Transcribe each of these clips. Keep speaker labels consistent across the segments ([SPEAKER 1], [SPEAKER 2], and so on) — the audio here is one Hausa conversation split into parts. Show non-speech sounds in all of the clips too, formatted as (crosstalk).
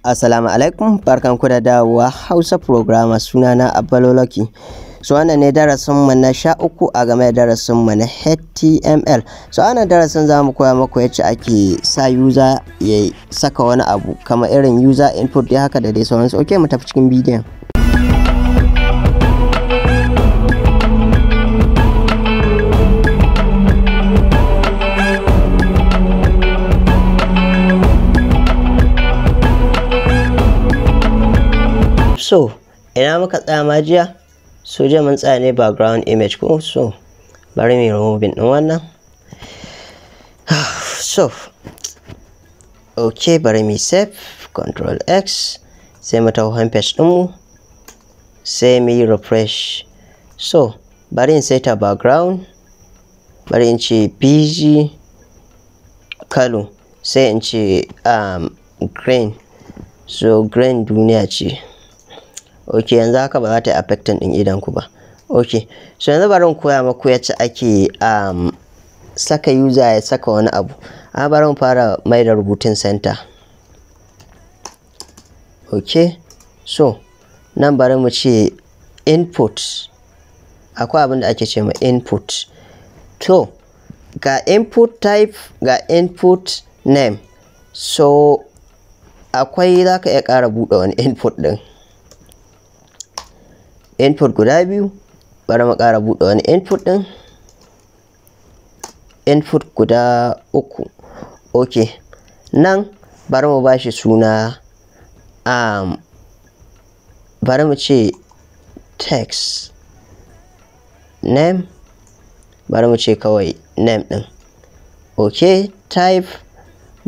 [SPEAKER 1] Assalamu alaikum barkan ku da dawowa Hausa programa sunana Abbaloloki. So wannan ne darasin mu na sha uku a game da darasin mu na HTML. So wannan darasin za mu koya muku yacce ake sa user ya saka wani abu kamar irin user input dai haka da dai sauransu. Okay mu tafi cikin bidiyon. so ina muka tsaya ma jiya so jiya mun tsaya ne background image ko so bari mu removing din wannan (sighs) so ok bari mu save control x sai mu taho homepage ɗinmu sai mu refresh so bari in saita background bari in ce bg kalo sai in ce um, green so green duniya ce ok yanzu haka ba za ta yi affecting din idan ku ba ok so yanzu bari in koya maku yacce ake um, saka user ya saka wani abu a bari fara mai da rubutun center ok so nan bari mu ce input akwai abin da ake ce ma input to ga input type ga input name so akwai za ka iya ƙara buɗe wani input ɗin input guda biyu bari mu ƙara buɗe wani input ɗin input guda uku ok nan bari mu ba shi suna um, bari mu ce text name bari mu ce kawai name ɗin ok type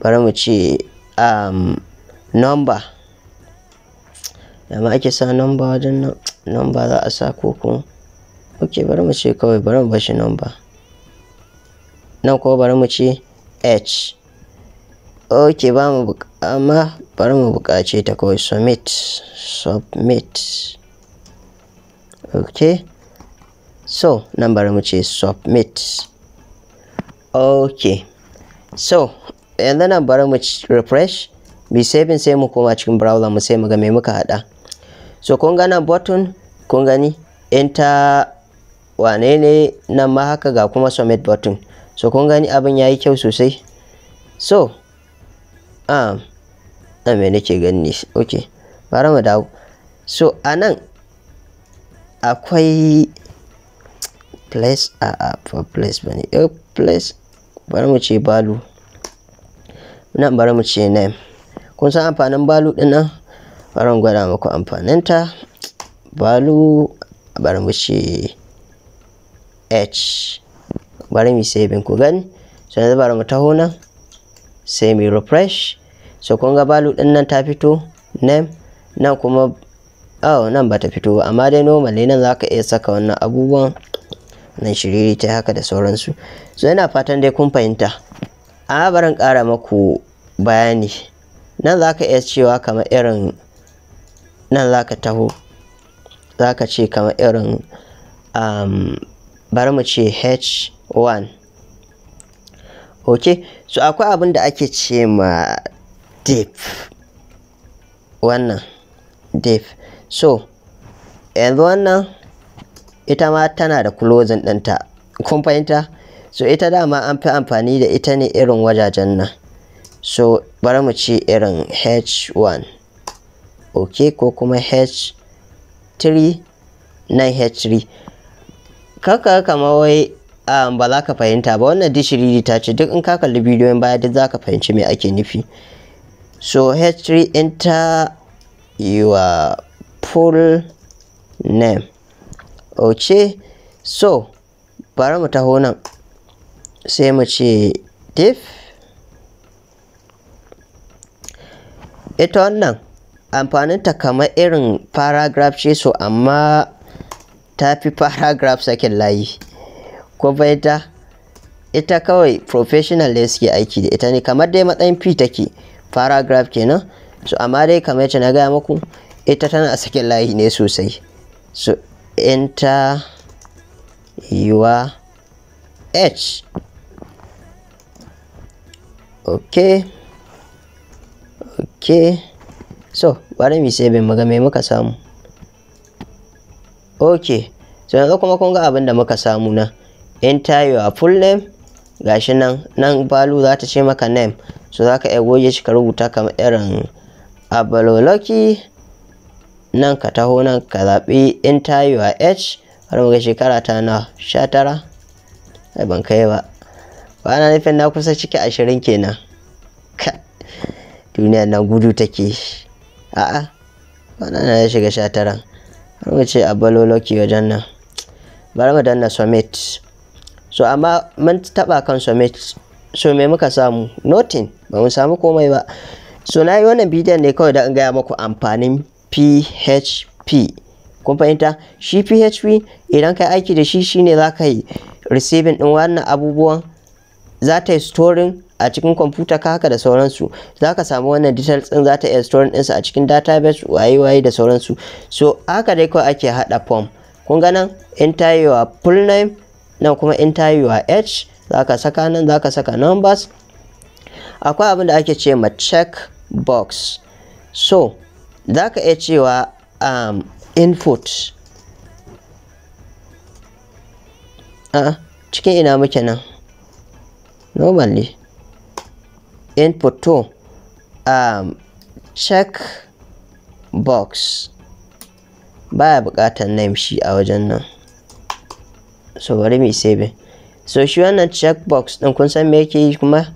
[SPEAKER 1] bari mu ce um, number da ake sa number wajen nan number za a sa koko ok bari mu ce kawai bari mu bashi number nan kuma bari mu ce h ok ba mu amma bari mu buƙace ta kawai submit submit ok so nan bari mu ce submit ok so yanzu nan bari mu refresh bi saving sai mu koma cikin browser mu sai mu ga me muka hada so kun gana nan button kun gani enter wane ne nan ma haka ga kuma submit button so kun gani abin yayi kyau sosai so um a me nake gani okay bara mu dawo so anan akwai place a a place bane a eh, place bara mu ce balu nan bara mu ce name kun san amfanin balu dinnan barin gwada muku amfaninta balu bari mu ce h bari mu bin ku gani so yanzu mu taho nan sai mu refresh so kun ga balu din nan ta fito name nan kuma oh nan ba ta fito ba amma dai normal ne nan za ka iya saka wannan abubuwan nan shiriri ta haka da sauransu so ina fatan dai kun fahimta a barin ƙara maku bayani nan za ka iya cewa kamar irin nan za ka taho za ka ce kamar irin um, bari mu ce h1 ok so akwai abin da ake ce ma dip wannan dip so yanzu wannan ita ma tana da closing ɗinta kun fahimta so ita dama an fi amfani da ita ne irin wajajen nan so bari mu ce irin h1 ok ko kuma h3 na h3 kaka kama wai um, ba za ka fahimta ba wannan dishiriri ta ce duk in ka kalli bidiyon baya duk za ka fahimci me ake nufi so h3 enter your full name ok so bari mu taho nan sai mu ce diff ita wannan amfaninta kamar irin paragraph ce so amma ta fi paragraph sakin layi ko fahimta ita kawai professional da suke aiki da ita ne kamar dai matsayin p take paragraph kenan so amma dai kamar yace na gaya muku ita tana a sakin layi ne sosai so enter your h okay okay so bari mu sai mu maga me muka samu ok so yanzu kuma kun ga abin da muka samu na enter your full name gashi nan nan balu za ta ce maka name so za ka iya goge shi ka rubuta kamar irin abaloloki nan ka taho nan ka zaɓi enter your age har muga shekara ta na sha tara ban kai ba ba na nufin na kusa ciki ashirin kenan duniyar na gudu take a'a wannan na ya shiga shataran, taran har mu ce a baloloki wajen nan bari mu danna summit so amma mun taba kan summit so me muka samu nothing ba mu samu komai ba so na yi wannan bidiyon ne kawai da in gaya muku amfanin php kun fahimta shi php idan ka aiki da shi shine za ka yi receiving din wannan abubuwan za ta yi storing a cikin kwamfuta ka haka da sauransu za ka samu wannan digital din za ta iya store ɗinsa a cikin database waye waye da sauransu so haka dai kawai ake haɗa form kun ga nan enter your full name nan kuma enter your age za ka saka nan za ka saka numbers akwai abin da ake ce ma check box so za ka iya cewa um, input a cikin ina muke nan normally input to um, check box baya buƙatar name shi a wajen nan so bari mu save so shi wannan check box din kun san me yake yi kuma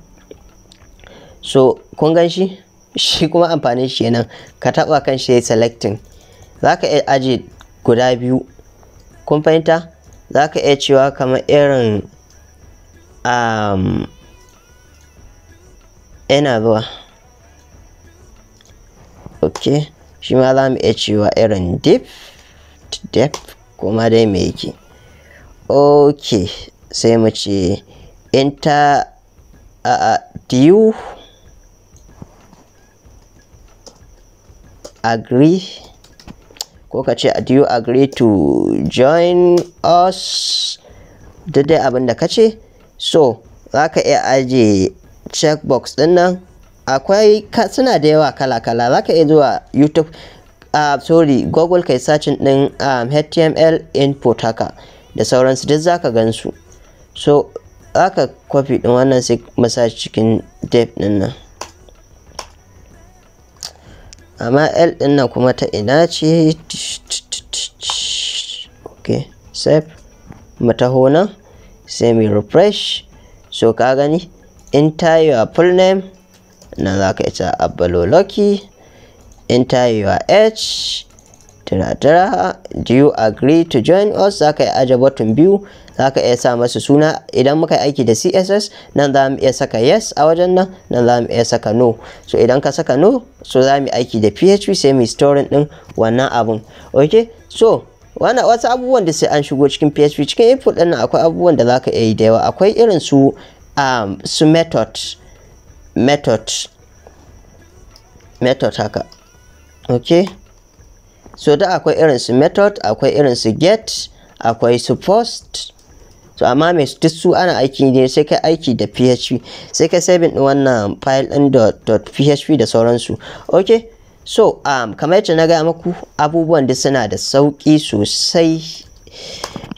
[SPEAKER 1] so kun gan shi (laughs) shi kuma amfanin shi nan ka taba kan shi selecting za iya aji guda biyu kun fahimta za iya cewa kamar irin um, yana zuwa ok shi ma za mu iya cewa irin dip deep kuma dai me yake ok sai mu ce enter a a do agree ko ka ce do you agree to join us daidai abin da ka ce so za ka iya ajiye checkbox din nan akwai suna da yawa kala-kala za ka iya zuwa youtube uh, sorry google kai sacin ɗin um, html input haka da sauransu duk za ka gansu so aka kwafi din wannan sai masa cikin dev din nan amma l din nan kuma ta ina ce ok save mataho nan sai mu refresh so ka gani enter your full name nan za ka ita abbaloloki enter your age tira-tira do you agree to join us za ka yi aje button biyu za ka iya sa masu suna idan muka aiki da css nan za mu iya saka yes a wajen nan nan za mu iya saka no so idan ka saka no so za mu aiki da php sai mu storing din wannan abun ok so wani wasu abubuwan da sai an shigo cikin php cikin input din akwai abubuwan da za ka iya yi da yawa akwai irin su um, su method method method haka ok so da akwai irin su method akwai irin su get akwai su post so amma mai su su ana aiki ne sai ka aiki da php sai ka saving din wannan file din .php da sauransu ok so um, kamar yadda na gaya muku abubuwan da suna da sauki sosai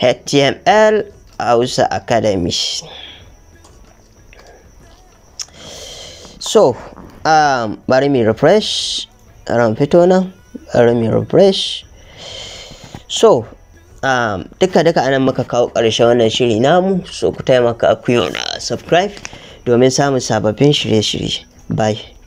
[SPEAKER 1] html hausa academy so um, bari mi refresh ran fito nan bari mi refresh so um, duka duka anan muka kawo ƙarshen wannan shiri namu so ku taimaka ku yi subscribe domin samun sababbin shirye-shirye bye